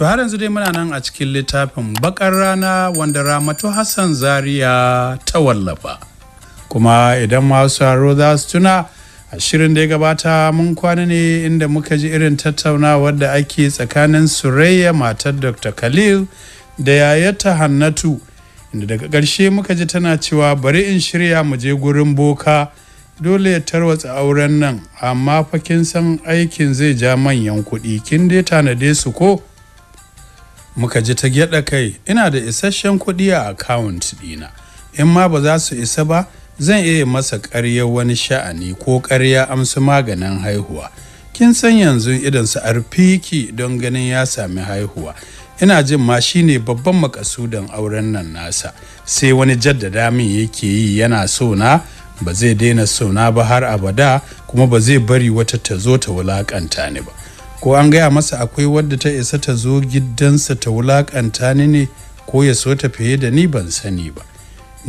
To har yanzu dai muna nan a cikin littafin bakar rana wanda Ramatu Hassan Zaria ta wallafa. Kuma idan masu haro za su tuna a shirin da ya gabata mun kwana ne inda muka ji irin tattauna wadda ake tsakanin Surayya matar Dr. Khalil da yayata Hannatu inda daga ƙarshe muka ji tana cewa bari in shirya mu je gurin boka dole ya tarwatsa auren nan amma fa kin san aikin zai ja manyan kuɗi kin dai tanade su ko muka ji ta gyaɗa kai ina da isasshen kuɗi a akawunt ɗina in ma ba za su isa ba zan iya masa ƙarya wani sha'ani ko ƙarya amsu maganin haihuwa kin san yanzu idan su arfiki don ganin ya sami haihuwa ina jin ma shi ne babban makasudan auren nan nasa sai wani jaddada min yake yi yana so na ba zai daina so na ba har abada kuma ba zai bari wata ta zo ta wulakanta ni ba ko an gaya masa akwai wadda ta isa ta zo gidansa ta wulakanta ni ne ko ya so ta fiye da ni ban sani ba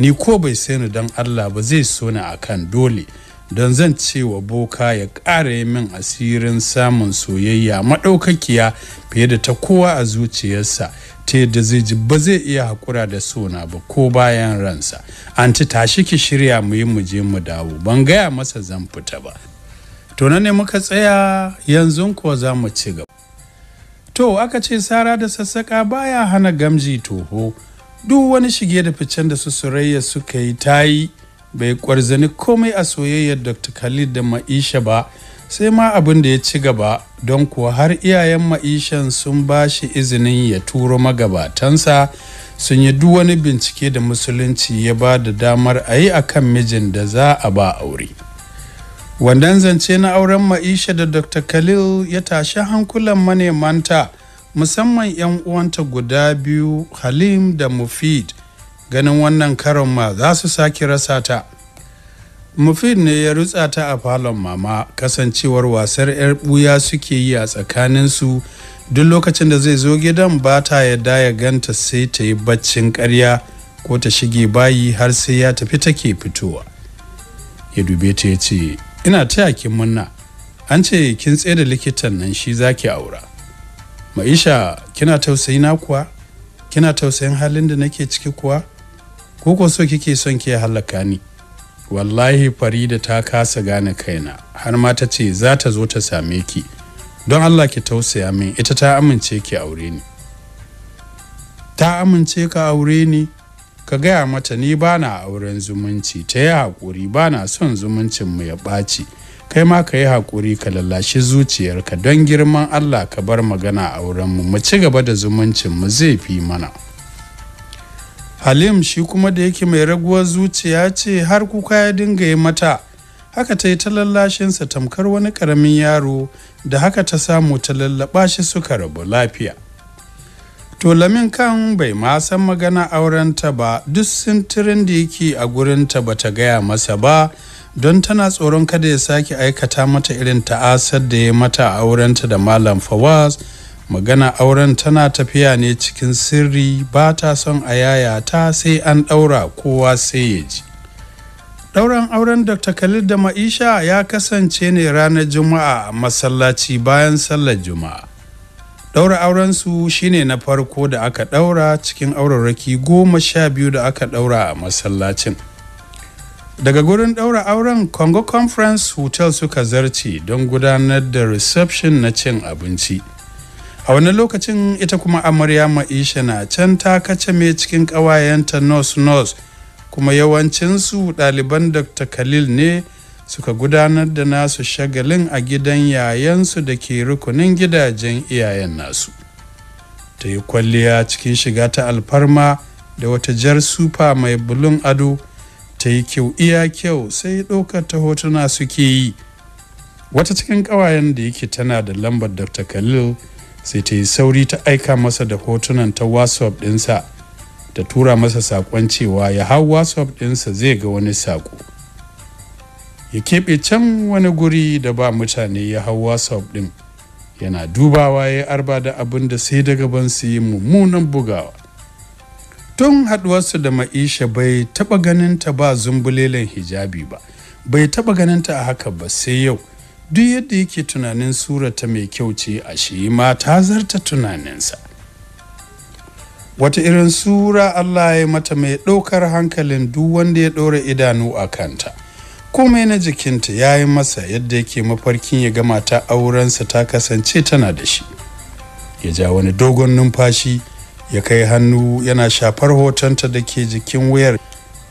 ni ko bai sani don allah ba zai so ni kan dole don zan ce wa boka ya ƙara yi min asirin samun soyayya maɗaukakiya fiye da ta kowa a zuciyarsa ta yadda zai ji ba zai iya haƙura da sona ba ko bayan ransa an ci tashi ki shirya mu yi mu je mu dawo ban gaya masa zan fita ba to nan ne muka tsaya yanzu kuwa za mu ci gaba to aka ce sara da sassaƙa baya hana gamji toho duk wani shige da ficen da su surayya suka yi ta yi bai kwarzani komai a soyayyar dr khalid da ma'isha ba sai ma abin da ya ci gaba don kuwa har iyayen ma'ishan sun ba shi izinin ya turo magabatansa sun yi duk wani bincike da musulunci ya ba da damar a yi a kan mijin da za a ba aure. Wannan zance na auren Maisha da Dr. Khalil ya tashi hankulan manemanta musamman 'yan uwanta guda biyu Halim da Mufid ganin wannan karon ma za su sake rasa ta. Mufid ne ya rutsa ta a falon mama kasancewar wasar 'yar buya suke yi a tsakaninsu duk lokacin da zai zo gidan ba ta yadda ya ganta sai ta yi baccin karya ko ta shige bayi har sai ya tafi take fitowa. Ya dube ta ya ce ina taya ki munna an ce kin tsaye likitan nan shi zaki aura maisha kina tausayi na kuwa kina tausayin halin da nake ciki kuwa ko ko so kike son ki halaka ni wallahi farida ta kasa gane kaina har ma ta ce za ta zo ta same ki don allah ki tausaya min ita ta amince ki aure ni ta amince ka aure ni ka gaya mata ni ba na auren zumunci ta yi haƙuri ba na son mu ya ɓaci kai ma ka yi haƙuri ka lallashi zuciyarka don girman allah ka bar magana aurenmu mu mu ci gaba da zumuncin mu zai fi mana halim shi kuma da yake mai raguwar zuciya ce har kuka ya dinga yi mata haka ta yi ta lallashinsa tamkar wani ƙaramin yaro da haka ta samu ta lallaɓa shi suka rabu lafiya Tolamin kan bai ma san magana aurenta ba duk sintirin da yake a gurinta ba ta gaya masa ba don tana tsoron kada ya sake aikata mata irin ta'asar da ya mata aurenta da malam fawaz magana auren tana tafiya ne cikin sirri ba ta son a yaya ta sai an ɗaura kowa sai ya ji ɗauran auren dr khalid da maisha ya kasance ne ranar juma'a a masallaci bayan sallar juma'a Daura aurensu shine na farko da aka daura cikin aurarraki goma sha biyu da aka daura a masallacin. Daga gurin daura auren Congo Conference Hotel suka zarce don gudanar da reception na cin abinci. A wani lokacin ita kuma amarya ma'isha na can ta kace mai cikin ƙawayenta nurse nos kuma yawancinsu ɗaliban Dr. Khalil ne suka gudanar da nasu shagalin a gidan yayansu da ke rukunin gidajen iyayen nasu ta yi kwalliya cikin shiga ta alfarma da wata jar sufa mai bulun ado ta yi kyau iya kyau sai ɗaukar ta hotuna suke yi wata cikin ƙawayen da yake tana da lambar dr khalil sai ta yi sauri ta aika masa da hotunan ta whatsapp ɗinsa ta tura masa saƙon cewa ya hau whatsapp ɗinsa zai ga wani saƙo ya keɓe can wani guri da ba mutane ya hau whatsapp ɗin yana dubawa ya arba da abin da sai daga ban su yi mummunan bugawa tun haɗuwarsu da ma'isha bai taɓa ganin ta ba zumbulelen hijabi ba bai taɓa ganin ta a haka ba sai yau duk yadda yake tunanin surata mai kyau ce a shi ma ta zarta tunaninsa wata irin sura Allah ya mata mai ɗaukar hankalin duk wanda ya ɗora idanu a kanta komai na jikinta ya yi masa yadda yake mafarkin ya gama ta aurensa ta kasance tana da shi ya ja wani dogon numfashi ya kai hannu yana shafar hotonta da ke jikin wuyar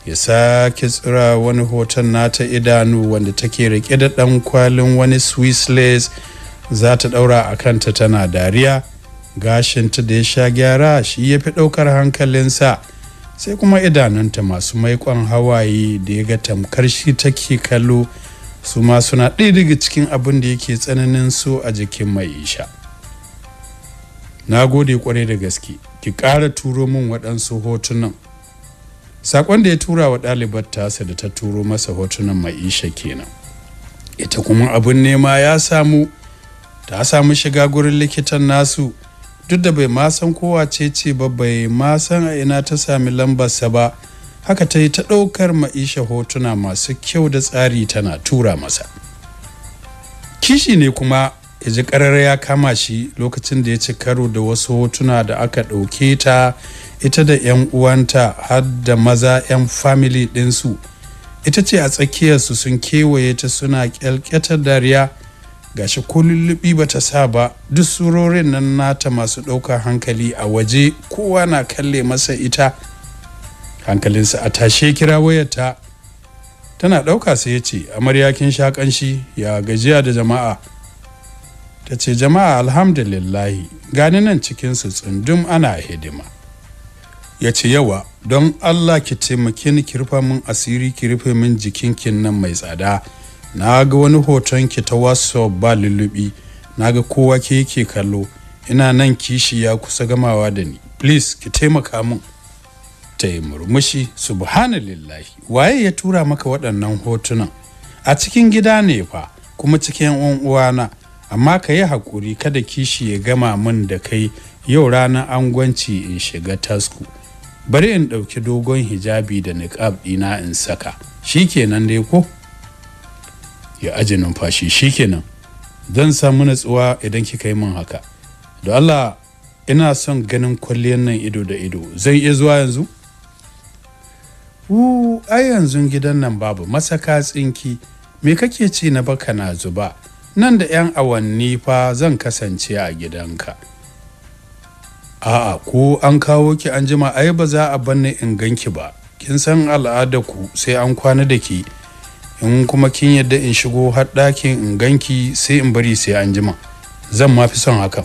ya sake tsira wani hoton nata idanu wanda take rike da dan kwalin wani swiss lace za ta daura a kanta tana dariya gashinta da ya sha gyara shi ya fi daukar hankalinsa sai kuma idanunta masu maikon hawaye da ya ga tamkar shi take kallo su ma suna ɗaya daga cikin abin da yake tsananin su a jikin mai isha na gode kwarai da gaske ki ƙara turo min waɗansu hotunan saƙon da ya tura wa ɗalibar tasa da ta turo masa hotunan mai isha kenan ita kuma abin nema ya samu ta samu shiga gurin likitan nasu duk da bai ma san kowa ce ce ba bai ma san a ina ta sami lambarsa ba haka ta yi ta ɗaukar ma'isha hotuna masu kyau da tsari tana tura masa kishi ne kuma ya ji ƙarar ya kama shi lokacin da ya ci karo da wasu hotuna da aka ɗauke ta ita da 'yan uwanta har da maza 'yan famili ɗinsu ita ce a tsakiyarsu sun kewaye ta suna ƙyalƙyatar dariya gashi ko lullubi bata sa ba duk surorin nan nata masu ɗaukar hankali a waje kowa na kalle masa ita hankalinsa a tashe kira wayarta tana ɗauka sai ya ce amarya kin sha ƙanshi ya gajiya da jama'a ta ce jama'a alhamdulillahi gani nan cikinsu tsundum ana hidima ya ce yawa don allah ki taimake ni ki min asiri ki rufe min jikinkin nan mai tsada na ga wani hoton ki ta whatsapp ba lullubi na ga kowa ke yake kallo ina nan kishi ya kusa gamawa da ni please ki taimaka mun ta yi murmushi subhanallahi waye ya tura maka waɗannan hotunan a cikin gida ne fa kuma cikin yan uwana amma ka yi haƙuri kada kishi ya gama min da kai yau ranar angwanci in shiga tasku bari in ɗauki dogon hijabi da niƙab ɗina in saka Shi shikenan dai ko ya aje numfashi shikenan zan samu natsuwa idan kika yi min haka da Allah ina son ganin kwalliyar nan ido da ido zan iya zuwa yanzu Wu, ai yanzu gidan nan babu masaka tsinki me kake ci na baka na zuba nan da 'yan awanni fa zan kasance a gidanka a'a ko an kawo ki an jima ai ba za a banne in ganki ba kin san al'adar ku sai an kwana da ki in kuma kin yadda in shigo har ɗakin in ganki sai in bari sai an jima zan ma fi son hakan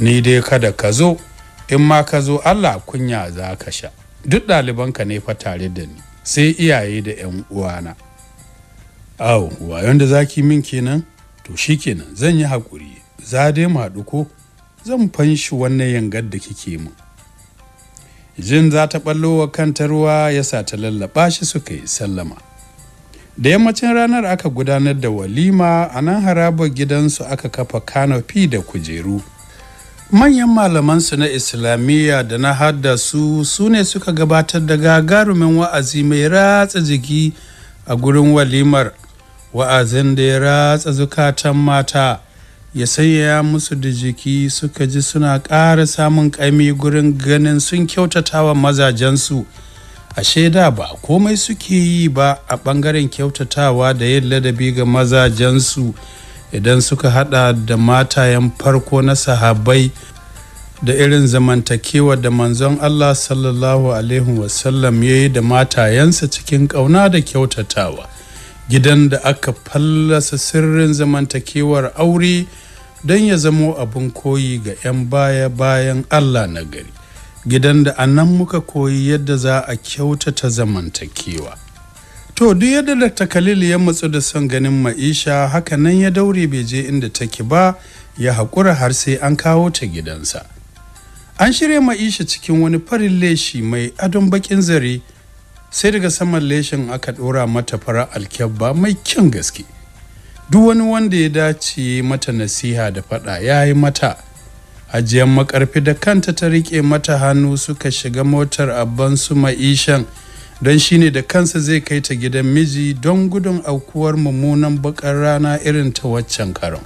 ni dai kada ka zo in ma ka zo allah kunya za ka sha duk ɗalibanka ne fa tare da ni sai iyaye da 'yan uwana awo wayon da zaki min kenan to shi kenan zan yi haƙuri za dai mu haɗu ko zan fanshi wannan yangar da kike min jin za ta ɓallo wa kanta ya sa ta lallaɓa shi suka yi sallama da yammacin ranar aka gudanar da walima a nan harabar gidansu aka kafa kanofi da kujeru manyan malamansu na islamiyya da na hada su su ne suka gabatar da gagarumin wa'azi mai ratsa jiki a gurin walimar wa'azin da ya ratsa zukatan mata ya sanya musu da jiki suka ji suna ƙara samun ƙami gurin ganin sun kyautatawa mazajensu ashe da ba komai suke yi ba a ɓangaren kyautatawa da yin ladabi ga mazajensu idan suka hada da matayen farko na sahabai da irin zamantakewa da manzon Allah sallallahu alaihi wasallam ya yi da matayensa cikin ƙauna da kyautatawa gidan da aka fallasa sirrin zamantakewar aure don ya zamo abin koyi ga 'yan baya bayan Allah na gari gidan da anan muka koyi yadda za a kyautata zamantakewa to duk yadda da takalil ya matsu da son ganin ma'isha haka nan ya daure bai je inda take ba ya haƙura har sai an kawo ta gidansa an shirya ma'isha cikin wani farin leshi mai adon bakin zare sai daga saman leshin aka ɗora mata fara alkyabba mai kyan gaske duk wani wanda ya dace mata nasiha da faɗa yayi mata ajiyar makarfi da kanta ta rike mata hannu suka shiga motar abban ma'ishan don shine da kansa zai kai ta gidan miji don gudun aukuwar mummunan bakar rana irin ta waccan karon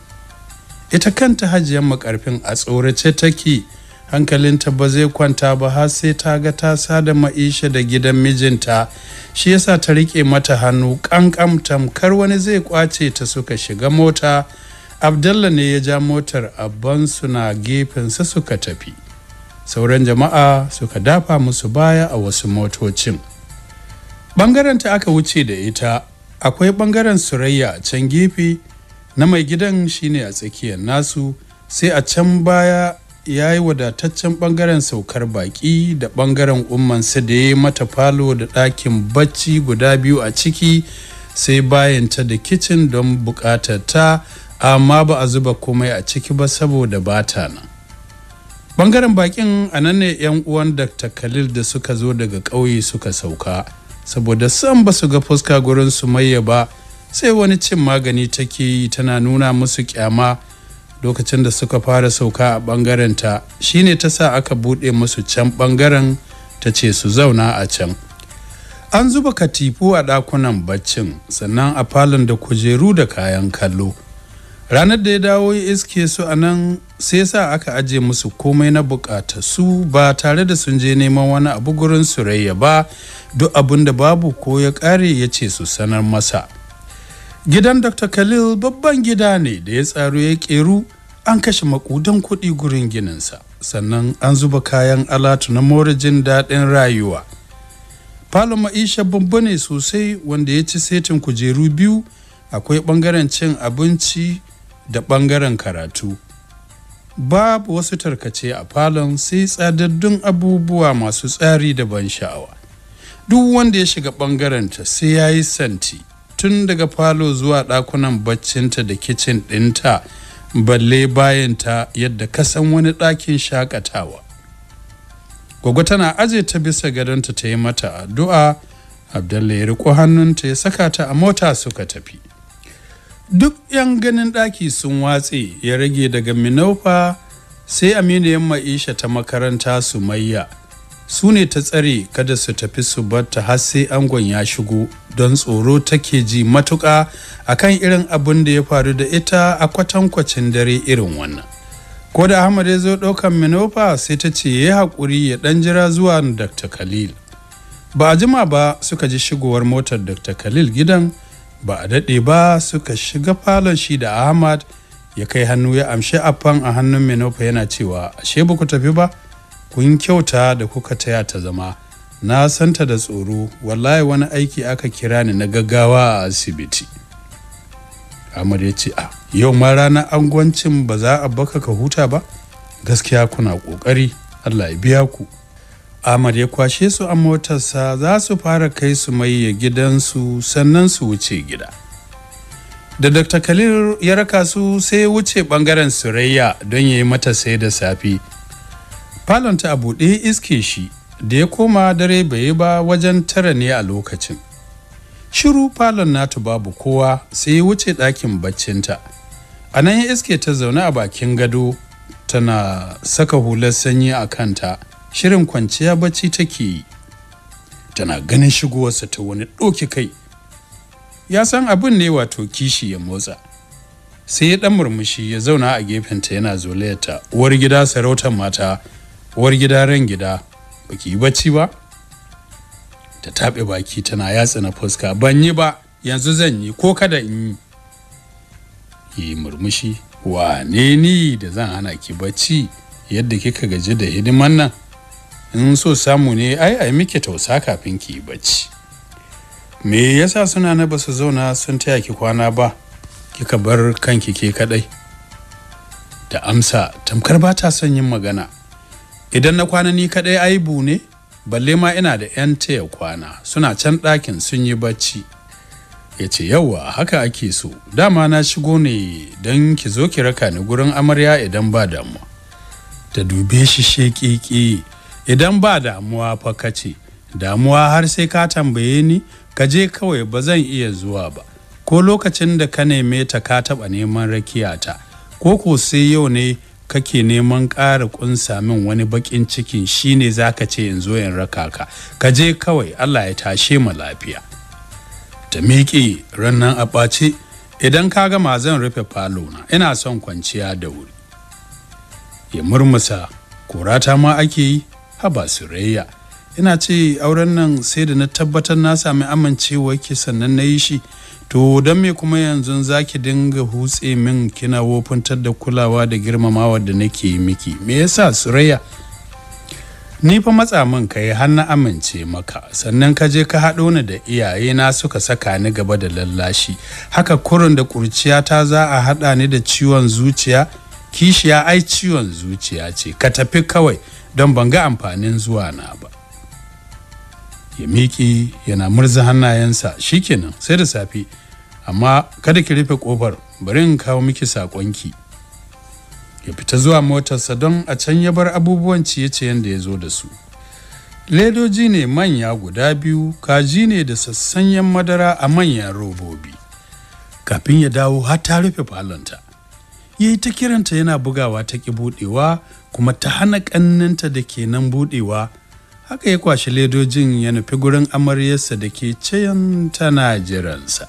ita kanta hajiyar makarfin a tsorace take hankalinta ba zai kwanta ba har sai ta ga ta sada ma'isha da gidan mijinta shi yasa ta rike mata hannu kankam tamkar wani zai kwace ta suka shiga mota abdalla ne ya ja motar abban suna gefensa suka tafi sauran jama'a suka dafa musu baya a wasu motocin bangaren ta aka wuce da ita akwai ɓangaren surayya a can gefe na mai gidan shine a tsakiyar nasu sai a can baya ya yi wadataccen ɓangaren saukar baƙi da ɓangaren ummansa da ya mata falo da ɗakin bacci guda biyu a ciki sai bayanta da kicin don bukatar ta amma ba a zuba komai a ciki ba saboda bata nan bangaren bakin a nan ne yan uwan dr khalil da suka zo daga ƙauye suka sauka saboda san ba su ga fuska gurin su maye ba sai wani cin magani take yi tana nuna musu kyama lokacin da suka fara sauka a bangaren ta shine ta sa aka buɗe musu can bangaren ta ce su zauna a can an zuba katifu a ɗakunan baccin sannan a falon da kujeru da kayan kallo ranar da ya dawo ya iske su a nan sai sa aka aje musu komai na bukata su ba tare da sun je neman wani abu gurin surayya ba duk abin da babu ko ya kare ya ce su sanar masa gidan dr khalil babban gida ne da ya tsaro ya keru an kashe makudan kuɗi gurin gininsa sannan an zuba kayan alatu na more jin daɗin rayuwa falon ma'isha babba ne sosai wanda ya ci setin kujeru biyu akwai ɓangaren cin abinci da ɓangaren karatu babu wasu tarkace a falon sai tsadaddun abubuwa masu tsari da ban sha'awa duk wanda ya shiga ɓangarenta sai ya yi santi tun daga falo zuwa ɗakunan baccinta da kicin ɗinta balle bayanta yadda kasan wani ɗakin shakatawa gwagwa tana aje ta bisa gadonta ta yi mata addu'a abdalla ya riko hannunta ya saka ta a mota suka tafi duk 'yan ganin ɗaki sun watse ya rage daga minofa sai Aminu yamma ma'isha ta makaranta su maiya su ne ta tsare kada su tafi su batta har sai angon ya shigo don tsoro take ji matuƙa akan irin abin da ya faru da ita a kwatankwacin dare irin wannan ko da ahmad ya zo ɗaukan minofa sai ta ce ya haƙuri ya ɗan jira zuwa dr khalil ba a jima ba suka ji shigowar motar dr khalil gidan ba a daɗe ba suka shiga falon shi da ahmad ya kai hannu ya amshi afan a hannun menofa yana cewa ashe ba ku tafi ba kun kyauta da kuka taya ta zama na santa da tsoro wallahi wani aiki aka kira ni na gaggawa a asibiti ahmad ya ce a ah, yau ma ranar angwancin ba za a baka ka huta ba gaskiya kuna ƙoƙari allah ya biya ku Ahmad ya kwashe su a motarsa za su fara kai su mai ya gidansu sannan su wuce gida. Da Dr. Khalil ya raka su sai wuce bangaren Surayya don ya yi mata sai da safi. Falonta a buɗe iske shi da ya koma dare bai ba wajen tara ne a lokacin. Shiru falon nata babu kowa sai ya wuce ɗakin baccinta. A nan ya iske ta zaune a bakin gado tana saka hular sanyi a kanta. shirin kwanciya bacci take yi tana ganin shigowarsa ta wani ɗoki kai ya san abin ne wato kishi ya motsa sai ya ɗan murmushi ya zauna a gefenta yana zolayarta uwar gida sarautar mata uwar gida ran gida baki yi bacci ba ta taɓe baki tana yatsa na fuska ban yi ba yanzu zan yi ko kada in yi yi murmushi wane ni da zan hana ki bacci yadda kika gaji da hidiman nan in so samu ne ai ai muke tausa kafin ki bacci me yasa suna na basu zauna sun taya ki kwana ba kika bar kanki ke kadai da amsa tamkar ba ta son yin magana idan na kwana ni kadai aibu ne balle ma ina da yan taya kwana suna can ɗakin sun yi bacci ya ce yauwa haka ake so dama na shigo ne don ki zo ki raka ni gurin amarya idan ba damuwa ta dube shi sheƙiƙi idan ba damuwa fa ka ce damuwa har sai ka tambaye ni ka je kawai ba zan iya zuwa ba ko lokacin da ka neme ta ka taɓa neman rakiya ta ko ko sai yau ne kake neman ƙara ƙunsa min wani baƙin cikin shine za ka ce in zo in raka ka ka je kawai allah ya tashe mu lafiya ta miƙe rannan a ɓace idan ka gama zan rufe falona ina son kwanciya da wuri ya murmusa korata ta ma ake yi haba surayya ina ce auren nan sai da na tabbatar na sami amincewa ke sannan na yi shi to don me kuma yanzu zaki dinga hutse min kina wofintar da kulawa da girmamawa da nake yi miki me yasa surayya ni fa matsa min ka yi har na amince maka sannan ka je ka haɗo ni da iyaye na suka saka ni gaba da lallashi haka kurin da kurciya ta za a haɗa ni da ciwon zuciya kishiya ai ciwon zuciya ce ka tafi kawai don ban ga amfanin zuwa na ba ya miƙi yana murza hannayensa shi shikenan sai da safi, amma kada ki rufe kofar bari in kawo miki saƙonki ya fita zuwa motarsa don a can ya bar abubuwan ciye-ciyen da ya zo da su ledoji ne manya guda biyu kaji ne da sassanyen madara a manyan robobi kafin ya dawo har ta rufe falonta ya yi ta kiranta yana bugawa ta ki buɗewa kuma ta hana ƙannanta da ke nan buɗewa haka ya kwashi ledojin ya nufi gurin amaryarsa da ke cayan tana jiransa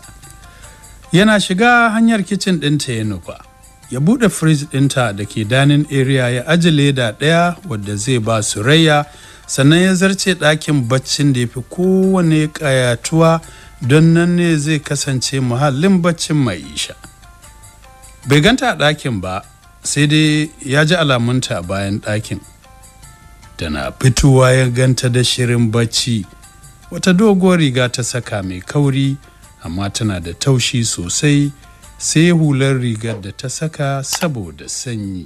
yana shiga hanyar kicin ɗinta ya nufa ya buɗe firij ɗinta da ke danin area ya aji leda ɗaya wadda zai ba su rayya sannan ya zarce ɗakin baccin da ya fi kowane ƙayatuwa don nan ne zai kasance muhallin baccin mai isha. bai ganta a ɗakin ba sai dai ya ji alamunta a bayan ɗakin tana fitowa ya ganta da shirin bacci wata doguwar riga ta saka mai kauri amma tana da taushi sosai sai hular rigar da ta saka saboda sanyi.